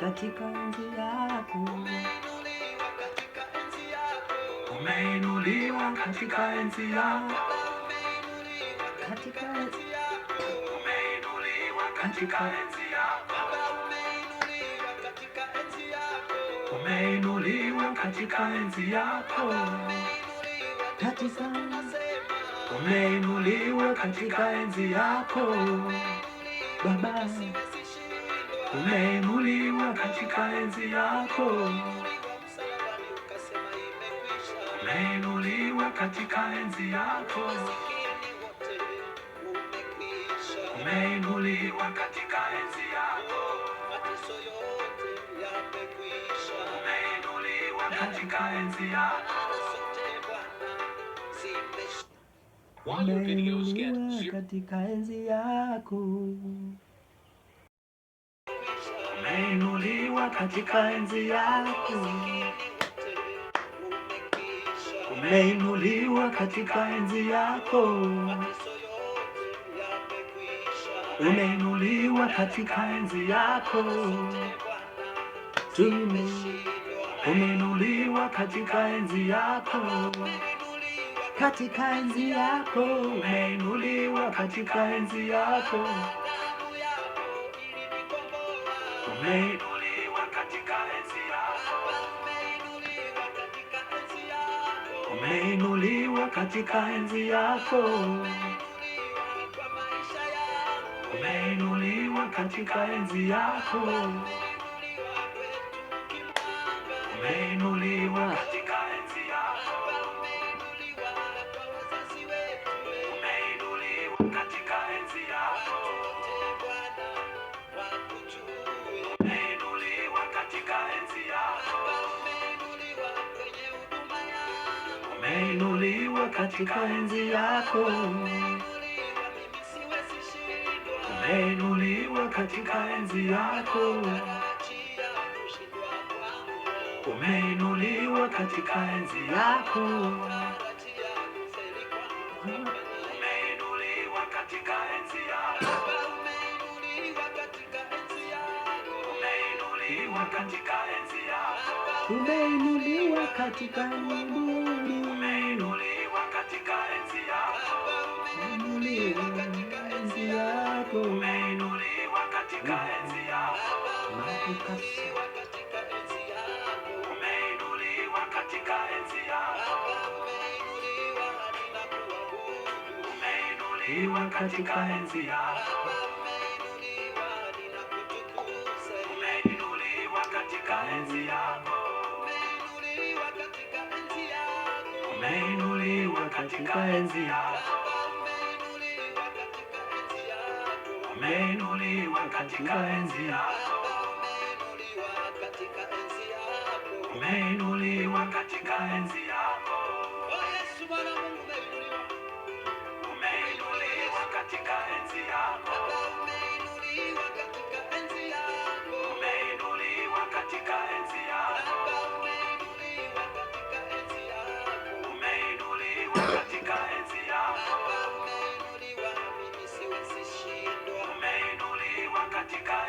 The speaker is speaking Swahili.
katika enzi yako, umeinuliwa katika enzi yako, katika enzi yako, umeinuliwa katika enzi yako, umeinuliwa katika enzi yako, umeinuliwa katika enzi yako Baba umeinuliwa katika enzi yako, umeinuliwa katika enzi yako, umeinuliwa katika enzi yako, umeinuliwa katika enzi yako umeinuliwa katika enzi yako. kuwa katika enzi yako, umeinuliwa katika enzi yako, umeinuliwa katika enzi yako, tume umeinuliwa katika enzi yako katika enzi yako umeinuliwa, katika enzi yako ume umeinuliwa katika enzi yako, umeinuliwa katika enzi yako, umeinuliwa Nimeinuliwa katika enzi yako, nimeinuliwa katika enzi yako, umeinuliwa katika enzi yako, umeinuliwa katika enzi yako. Umeinuliwa katika mbinguni, umeinuliwa katika enzi yako, umeinuliwa katika enzi yako, umeinuliwa katika enzi yako, umeinuliwa katika enzi yako, umeinuliwa katika enzi yako, umeinuliwa katika enzi yako Umeinuliwa katika enzi yako, umeinuliwa katika enzi yako, umeinuliwa katika enzi yako, umeinuliwa katika enzi yako chica.